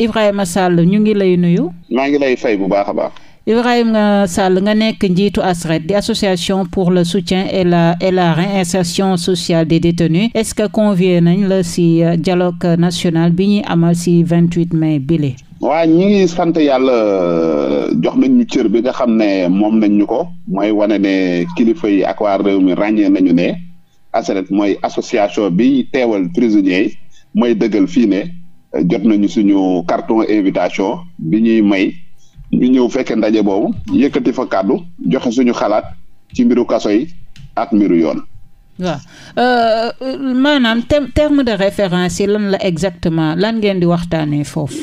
ibrahim Ibrahima Sall ñu ngi lay nuyu. maa ngi lay fay bu baax a baax. a Sall nga nekk njiitu ASRED di association pour le soutien et la et la réinsertion sociale de détenus est-ce que convié nañ la si euh, dialogue national bi ñuy si ci 28 mai bile. waa ñi ngi sant yàlla euh, jox nañ ñu cër bi nga xam ne moom nañ ñu ko mooy wane ne kilifa yi ak waa réew mi ràññee nañu ne ASRED mooy association bi teewal prisonniers yi mooy dëggal fii jot nañu suñu carton invitation bi ñuy may ñu ñëw fekkee ndaje boobu yëkkati fa kàddu joxe suñu xalaat ci mbiru kaso yi ak mbiru yoon. waaw euh, maanaam terme de référence yi lan la exactement lan ngeen di waxtaanee foofu.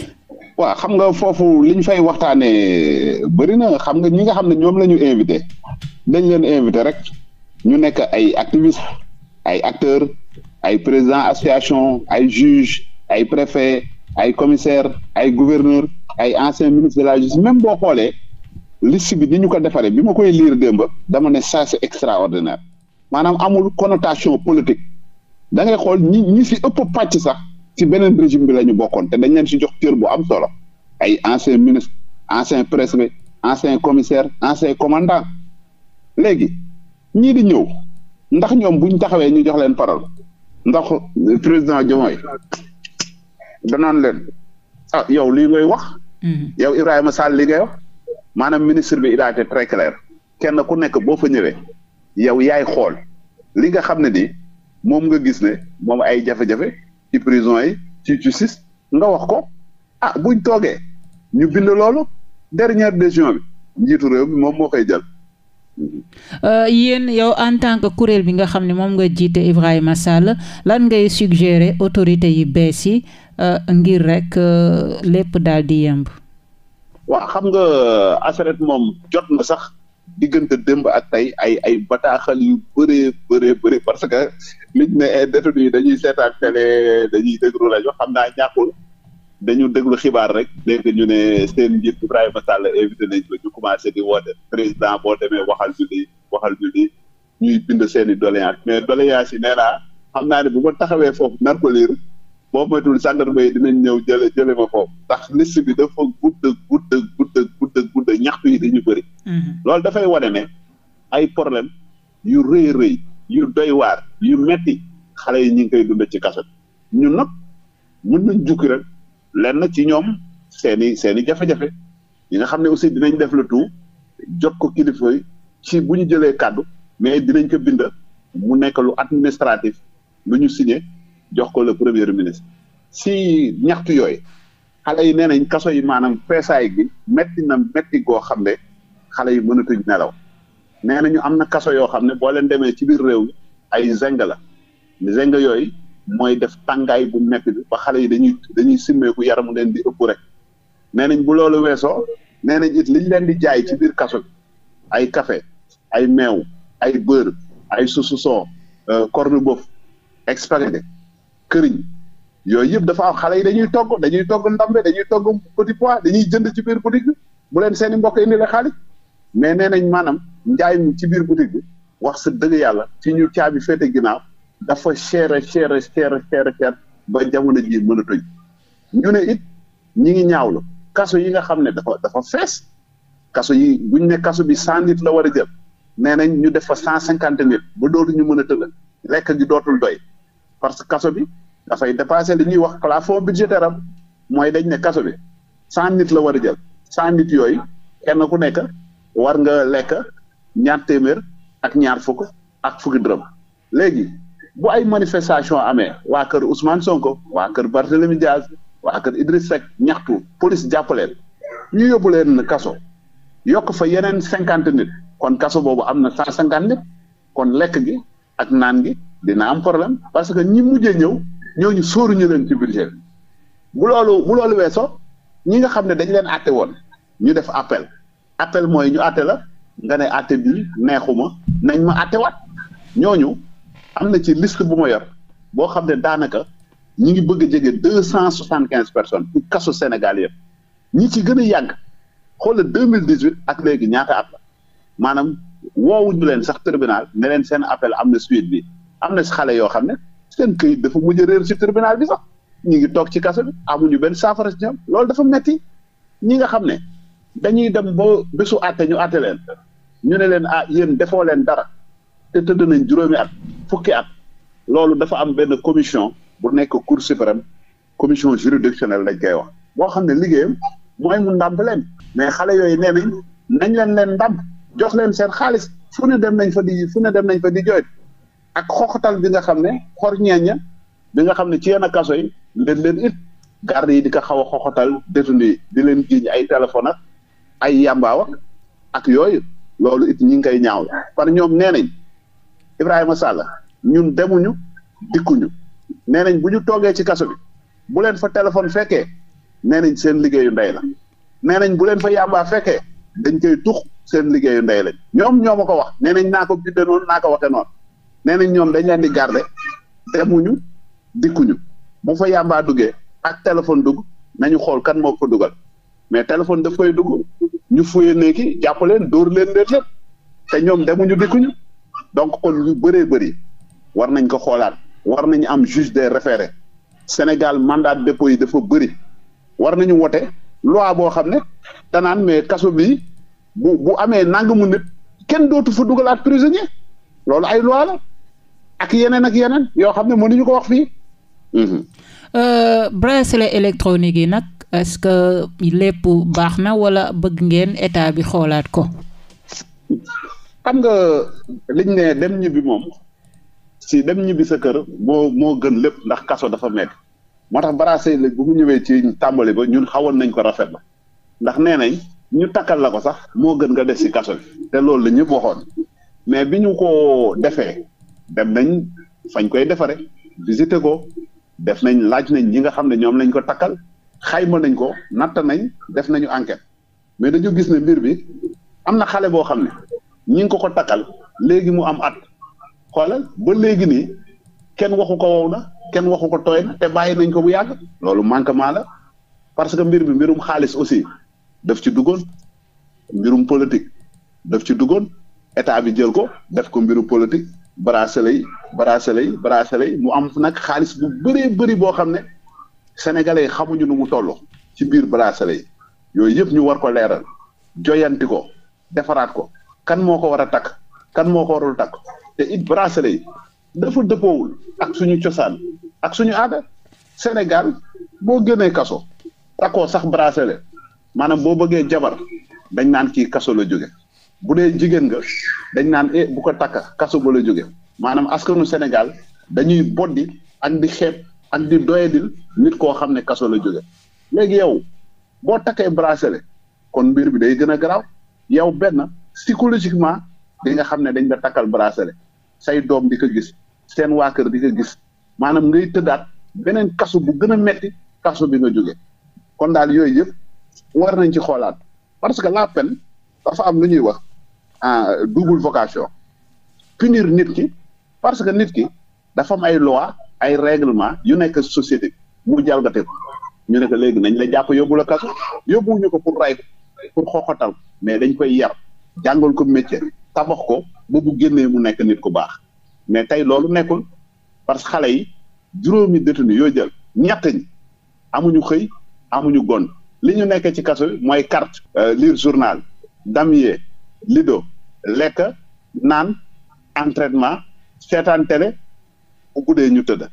waaw xam nga foofu li ñu fay waxtaanee bëri na xam nga ñi nga xam ne ñoom la ñu invité dañ leen invité rek ñu nekk ay activistes ay acteurs ay présidents association ay juges. ay préfet ay commissaire ay gouverneur ay ancien ministre de la justice même boo xoolee liste bi ni ñu ko defaree bi ma koy liir démb dama ne ça c'est extraordinaire maanaam amul connotation politique da ngay xool ñi ñi si ëpp pàcc sax si beneen régime bi la ñu bokkoon te dañ leen si jox cër bu am solo ay ancien ministre ancien préfet ancien commissaire ancien commandant léegi ñii di ñëw ndax ñoom buñ taxawee ñu jox leen parole ndax président Diomaye danaan leen ah yow lii ngay wax. Mm-hmm. yow Ibrahima Sall li ngay wax maanaam ministre bi il a été kenn ku nekk boo fa ñëwee yow yaay xool li nga xam ne nii moom nga gis ne moom ay jafe-jafe ci prison yi ci justice nga wax ko ah buñ toogee ñu bind loolu dernière décision bi njiitu réew moom moo koy jël. Euh, yenn yow en tant que kuréel bi nga xam ne moom nga jiite Ibrahima Sall lan ngay suggérer autorité yi bees yi euh, ngir rek euh, lépp daal di yemb. waaw xam nga ASRED moom jot na sax diggante démb ak tey ay ay bataaxal yu bëree parce que liñ ne détenu yi dañuy seetaan télé dañuy déglu rajo xam naa ñàkkul. dañu déglu xibaar rek léegi ñu ne seen njiit Ibrahima Sall invité nañ ko ñu commencé di woote président boo demee waxal ñu lii ñu lii ñuy bind seen i mais doléance yi nee naa xam naa ne bu ma taxawee foofu nar ko liir boo moytuwul gendarme yi dinañ ñëw jële jële ma foofu ndax liste bi dafa gudd gudd gudd gudd gudd ñaxtu yi dañu bëri. Mm-hmm. loolu dafay wane ne ay problème yu rëy rëy yu doy waar yu metti xale yi ñu ngi koy dund ci kaso ñun nag mën nañ jukki rek. lenn ci ñoom seen i seen i jafe-jafe ñi nga xam ne aussi dinañ def le tout jot ko kilifa yi ci bu ñu jëlee kàddu mais dinañ ko bind mu nekk lu administratif lu ñu signé jox ko le premier ministre si ñaxtu yooyu xale yi nee nañ kaso yi maanaam feesaay gi metti na metti goo xam ne xale yi mënatuñ nelaw nee nañu am na kaso yoo xam ne boo leen demee ci biir réew ay zeng la zeng yooyu mooy def tàngaay bu metti bi ba xale yi dañuy dañuy simmeeku yaram leen di ëpp rek nee nañ bu loolu weesoo nee nañ it liñ leen di jaay ci biir kaso bi ay café ay meew ay beurre ay saucisson euh, corned boeuf spaghetti këriñ yooyu yëpp dafa xale yi dañuy togg dañuy togg ndambe dañuy togg petit pois dañuy jënd ci biir boutique bi bu leen seen i mbokk indi la xaalis mais nee nañ maanaam njaay ci biir bu bi wax sa dëgg yàlla ci ñu caabi feete ginnaaw dafa cher cher cher cher cher ba jamono ji mën a tëj ñu ne it ñi ngi ñaawlu kaso yi nga xam ne dafa dafa fees kaso yi buñ ne kaso bi cent nit la war a jël nee nañ ñu def fa cent cinquante nit ba dootuñu mën a tëdd lekk gi dootul doy parce que kaso bi dafay dépassé li ñuy wax plafond budgétaire am mooy dañ ne kaso bi cent nit la war a jël cent nit yooyu kenn ku nekk war nga lekk ñaar téeméer ak ñaar fukk ak fukki dërëm léegi bu ay manifestation amee waa kër Ousmane Sonko waa kër Barthélemy Diaz waa kër Idriss Seck ñaxtu police jàppaleel ñu yóbbu leen kaso yokk fa yeneen cinquante nit kon kaso boobu am na cent cinquante nit kon lekk gi ak naan gi dina am problème parce que ñi mujjee ñëw ñooñu sóoruñu leen ci budget bu loolu bu loolu weesoo ñi nga xam ne dañ leen àtte woon ñu def appel appel mooy ñu àtte la nga ne àtte bi neexuma nañ ma àttewaat ñooñu am na ci liste bu ma yor boo xam ne daanaka ñu ngi bëgg a jege deux cent soixante quinze personnes ci kaso Sénégal yëpp ñi ci gën a yàgg xoolal deux mille dix huit ak léegi ñaata at maanaam woowuñu leen sax tribunal ne seen appel am na suite bi am na si xale yoo xam ne seen këyit dafa mujj a réer si tribunal bi sax ñu ngi toog ci kaso bi amuñu benn saafara si ñoom loolu dafa metti ñi nga xam ne dañuy dem ba bésu àtte ñu àtte leen ñu ne leen ah yéen defoo leen dara te tëdd nañ juróomi at. fukki at loolu dafa am benn commission bu nekk cour suprême commission juridictionnelle lañ koy wax boo xam ne liggéeyam mooy mu ndàmp leen mais xale yooyu nee nañ nañ leen leen ndàmp jox leen seen xaalis fu ne dem nañ fa di fu dem nañ fa di ak xoxatal bi nga xam ne xor ñeeña bi nga xam ne ci yenn kaso yi leen leen it garde yi di ko xaw a xoxatal détenu di leen jiiñ ay téléphone ak ay yambaawa ak yooyu loolu it ñi ngi koy ñaaw par ñoom nee Ibrahima Sall ñun demuñu dikkuñu nee nañ bu ñu toogee ci kaso bi bu leen fa téléphone fekkee nee nañ seen liggéeyu ndey la nee nañ bu leen fa yàmbaa fekkee dañ koy tux seen liggéeyu ndey lañ ñoom ñoo ma ko wax nee nañ naa ko bindee noonu naa ko waxee noon nee nañ ñoom dañ leen di garder demuñu dikkuñu bu fa yàmbaa duggee ak téléphone dugg nañu xool kan moo ko dugal mais téléphone def koy dugg ñu fuye néegi jàpp leen dóor leen leen te ñoom demuñu dikkuñu donc kon lu bëree bëri war nañ ko xoolaat war nañu am juge des référés Sénégal mandat de dépôt yi dafa bëri war nañu woote loi boo xam ne danaan mais kaso bi bu bu amee nangamu nit kenn dootu fu dugalaat prisonnier loolu ay loi la ak yeneen ak yeneen yoo xam ne mën nañu ko wax fii. Mm-hmm. Euh, bracelet électronique yi nag est-ce que lépp baax na wala bëgg ngeen état bi xoolaat ko. xam nga liñ ne dem ñibbi moom si dem ñibbi sa kër moo moo gën lépp ndax kaso dafa metti moo tax Baracé bu mu ñëwee ci tàmbali ba ñun xawoon nañ ko rafet la ndax nee nañ ñu takkal la ko sax moo gën nga def si kaso bi te loolu la ñëpp waxoon mais bi ñu koo defee dem nañ fañ koy defare bisite ko def nañ laaj nañ ñi nga xam ne ñoom lañ ko takkal xayma nañ ko natt nañ def nañu enquête mais dañu gis ne mbir bi am na xale boo xam ne ñi ngi ko ko takkal léegi mu am at xoolal ba léegi nii kenn waxu ko wow na kenn waxu ko tooy na te bàyyi nañ ko bu yàgg loolu manquement la parce que mbir bi mbirum xaalis aussi def ci duggoon mbirum politique daf ci duggoon état bi jël ko def ko mbiru politique bracelet yi bracelet mu am nag xaalis bu bëree bëri boo xam ne sénégalais xamuñu nu mu toll ci biir bracelet yooyu yëpp ñu war ko leeral joyanti ko defaraat ko kan moo ko war a takk kan moo ko warul takk te it bracelet yi dafa dëppoowul ak suñu cosaan ak suñu aada Sénégal boo gënee kaso takkoo sax bracelet maanaam boo bëggee jabar dañ naan kii kaso la jóge bu dee jigéen ga dañ naan e bu ko takka kaso ba jóge maanaam askanu Sénégal dañuy boddi ak di xeeb ak di doyadil nit koo xam ne kaso la jóge léegi yow boo takkee bracelet kon mbir bi day gën a garaaw yow benn psychologiquement di nga xam ne dañ la takkal bracelet say doom di ko gis seen waa kër di ko gis maanaam ngay tëddaat beneen kaso bu gën a metti kaso bi nga jóge kon daal yooyu yëpp war nañ ci xoolaat parce que la peine dafa am lu ñuy wax ah, double vocation punir nit ki parce que nit ki dafa am ay loi ay règlement yu nekk société mu jalgate ko ñu ne ko léegi nañ la jàpp yóbbu la kaso yóbbuwuñu ko pour ray ko pour xoxotal mais dañ koy yar jàngal ko métier tabax ko ba bu génnee mu nekk nit ku baax mais tey loolu nekkul parce que xale yi juróomi détenu yoo jël ñett ñi amuñu xëy amuñu gon li ñu nekkee ci kaso mooy carte euh, liir journal damier lido lekk naan entraitement seetaan télé bu dee ñu tëdd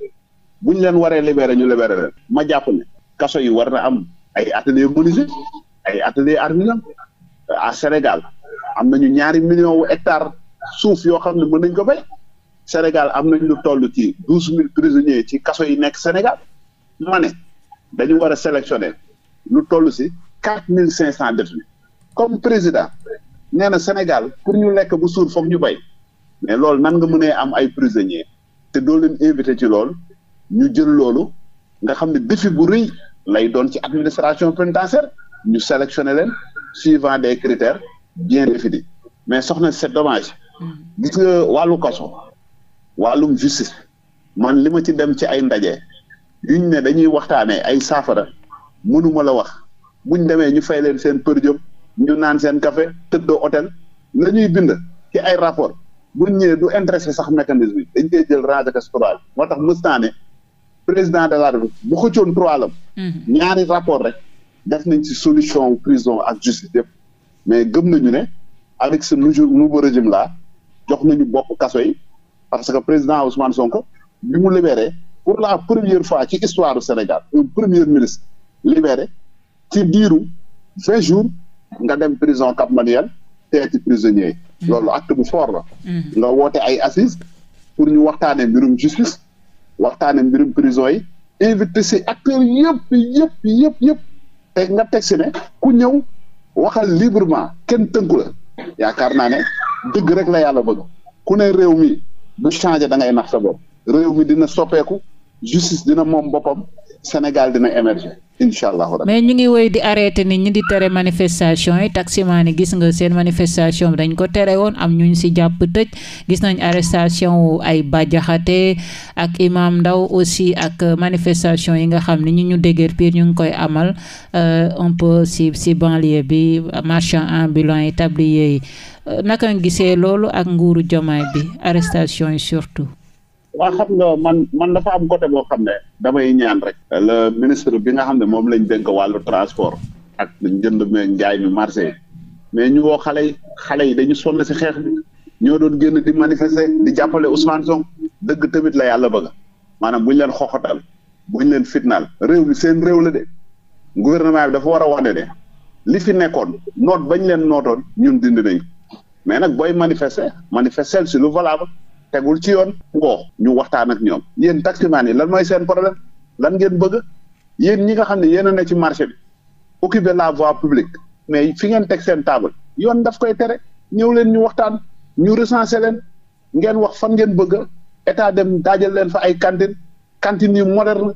bu ñu leen waree libéré ñu libéré leen ma jàpp ne kaso yi war na am ay atelier menuisier ay atelier artisanat euh, à Sénégal am nañu ñaari millions wu hectares suuf yoo xam ne mën nañ ko bay Sénégal am nañ lu toll ci douze mille prisonniers ci kaso yi nekk Sénégal ma ne dañu war a sélectionner lu toll si quatre mille cinq cent détenus comme président nee na Sénégal pour ñu lekk bu suur foog ñu bay mais loolu nan nga mënee am ay prisonniers te doo leen invité ci lool ñu jël loolu nga xam ne défi bu rëy lay doon ci administration pénitentiaire ñu sélectionné leen suivant des critères bien défini mais soxna c'est dommage. gis nga wàllu kaso. wàllum justice. man li ma ci dem ci ay ndaje. yuñ ne dañuy waxtaanee ay saafara. mënuma la wax buñ demee ñu fay leen seen për jëm ñu naan seen café tëddoo hôtel la ñuy bind ci ay rapport buñ ñëwee du intéressé sax mécanisme yi dañ koy jël ranger trois moo tax mës naa président de la République bu xëccoon trois lam mm-hmm. ñaari rapport rek def nañ ci solution prison ak justice yëpp mais gëm nañu ne avec ce nouveau régime la jox nañu bopp kaso yi parce que président Ousmane Sonko bi mu libéré pour la première fois ci histoire du Sénégal un premier ministre libéré ci diiru vingt jour nga dem prison Cap Manuel teeti prisonnier yi mm-hmm. loolu acte bu fort la mm-hmm. nga woote ay assises pour ñu waxtaanee mbirum justice waxtaanee mbirum prison yi invité si acteurs yëpp yëpp yëpp yëpp te nga teg si ne ku ñëw waxal librement kenn tënku la yaakaar naa ne dëgg rek la yàlla bëgg ku ne réew mi du changer da ngay nax sa bopp réew mi dina soppeeku justice dina moom boppam Sénégal dina émerger incha allahu mais ñu ngi woy di arrêté ni ñi di tere manifestation yi taximaan yi gis nga seen manifestation bi dañ ko tere woon am ñu ñu si jàpp tëj gis nañ arrestation wu ay Bajaxate ak Imam Ndaw aussi ak manifestation yi nga xam ni ñu ñu dégër piir ñu ngi koy amal euh, un peu si si banlieue bi marchand ambulant yi tablier yi euh, naka nga gisee loolu ak nguuru Jomaay bi arrestation yi surtout. waa xam nga man man dafa am côté boo xam ne damay ñaan rek ministre bi nga xam ne moom lañ dénk wàllu transport ak njënd me njaay mi marché mais ñu woo xale yi xale yi dañu sonn si xeex mi ñoo doon génn di manifester di jàppale Ousmane Sonko dëgg tamit la yàlla bëgg maanaam buñ leen xoxotal buñ leen fitnaal réew mi seen réew la de gouvernement bi dafa war a wane de li fi nekkoon noot bañ leen nootoon ñun dindi nañ mais nag booy manifester manifester si lu valable tegul ci yoon woo ñu waxtaan ak ñoom yéen taximaan yi lan mooy seen problème lan ngeen bëgg yéen ñi nga xam ne yéen a ci marché bi occuper la voie publique mais fi ngeen teg seen table yoon daf koy tere ñëw leen ñu waxtaan ñu recensé leen ngeen wax fan ngeen bëgg état dem daajal leen fa ay cantine cantine yu moderne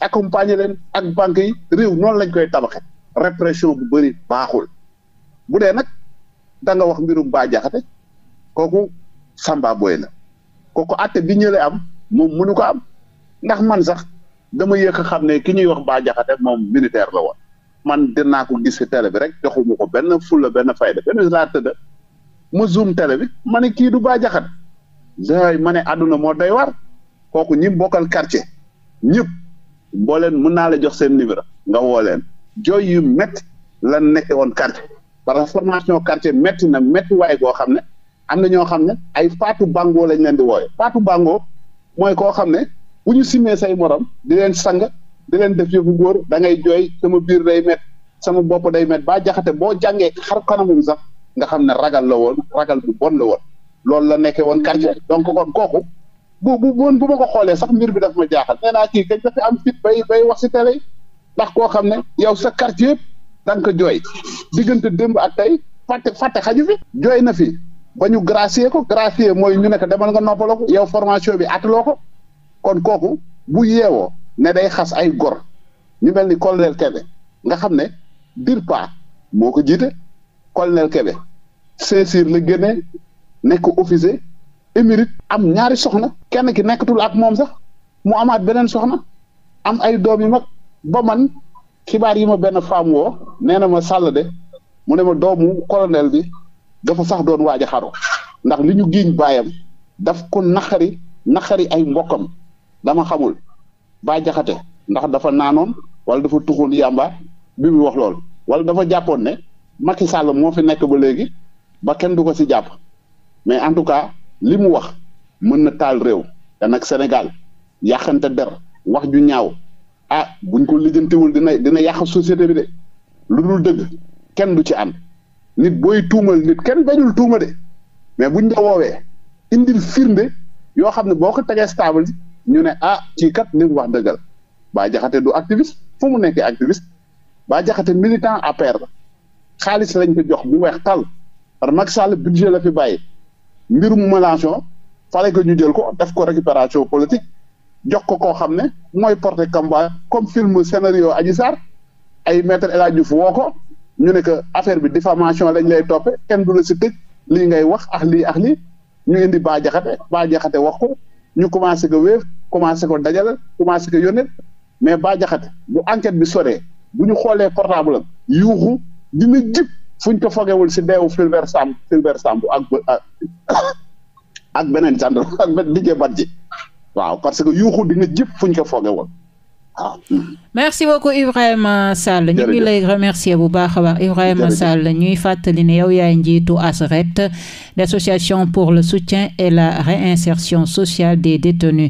accompagner leen ak banque yi réew noonu lañ koy tabaxe répression bu bëri baaxul bu dee nag da nga wax mbirum baa Diakhaté kooku Samba Boye la kooku àtte bi ñële am moom mënu ko am ndax man sax dama yéex a xam ne ki ñuy wax Bah Diakhaté moom militaire la woon man naa ko gis ci télé bi rek joxumu ko benn fulla benn fayda benn bis laa tëdd ma zoom télé bi ma ne kii du Bah Diakhaté day ma ne àdduna moo doy war kooku ñi bokkal quartier ñëpp boo leen mën naa la jox seen numéro nga woo leen jooy yu métti la nekk woon quartier parce que formation quartier métti na métti waay goo xam ne am na ñoo xam ne ay faatu bango lañ leen di wooye faatu bango mooy koo xam ne bu ñu simee say morom di leen sang di leen def yëfu góor da ngay jooy sama biir day met sama bopp day met ba jaxate boo jàngee xar kanamum sax nga xam ne ragal la woon ragal bu la woon loolu la nekkee woon quartier donc kon kooku bu bu bu ma ko xoolee sax mbir bi daf ma jaaxal nee naa kii kañ dafa am fit bay bay wax si télé ndax koo xam ne yow sa quartier yëpp ko jooy diggante démb ak tey fàtte fàtte xaju fi jooy na fi ba ñu gracier ko gracier mooy ñu nekk demal nga noppaloo ko yow formation bi attaloo ko kon kooku bu yeewoo ne day xas ay gor ñu mel ni colonel Kébé nga xam ne DIRPA moo ko jiite colonel Kébé Saint-Cyr la génne nekk officier émérite am ñaari soxna kenn ki nekkatul ak moom sax mu amaat beneen soxna am ay doom yu mag ba man xibaar yi ma benn femme woo nee na ma sàll de mu ne ma doomu colonel bi dafa sax doon waaj a xaru ndax li ñu giiñ baayam daf ko naqari naqari ay mbokkam dama xamul Bah Diakhaté ndax dafa naanoon wala dafa tuxul yàmba bi mu wax lool wala dafa jàppoon ne Macky Sall moo fi nekk ba léegi ba kenn du ko si jàpp mais en tout cas li mu wax mën na taal réew te nag Sénégal yàqante der wax ju ñaaw ah buñ ko lijjantiwul dina dina yàq société bi de lu dul dëgg kenn du ci ànd nit booy tuumal nit kenn bañul tuuma de mais buñ la woowee indil firnde yoo xam ne boo ko tegee stable ñu ne ah ci kat li wax dëggal Bah Diakhaté du activiste fu mu nekkee activiste Bah Diakhaté militant APR la xaalis lañ ko jox bu weex tal par Macky Sall budget la fi bàyyi mbirum Mélenchon fale ko ñu jël ko def ko récupération politique jox ko koo xam ne mooy porté combat comme film scénario Adji Sarr ay maître El Hadj Diouf woo ko ñu ne que affaire bi diffamation lañ lay toppe kenn du la si tëj lii ngay wax ak lii ak lii ñu indi Bah Diakhaté Bah Diakhaté wax ko ñu commencé ko wéef commencé ko dajale commencé ko yónnee mais Bah Diakhaté bu enquête bi soree bu ñu xoolee portable am di dina jib fuñ ko fogewul si deewu Fulbert Samb Fulbert Samb ak beneen gendarme ak beneen liggéey ji waaw parce que yuuxu dina jib fuñ ko fogewul merci beaucoup Ibrahima Sall ñu ngi lay remercier bu baax a baax Ibrahima Sall ñuy fàttali ne yow yaay njiitu ASRED l'association pour le soutien et la réinsertion sociale des détenus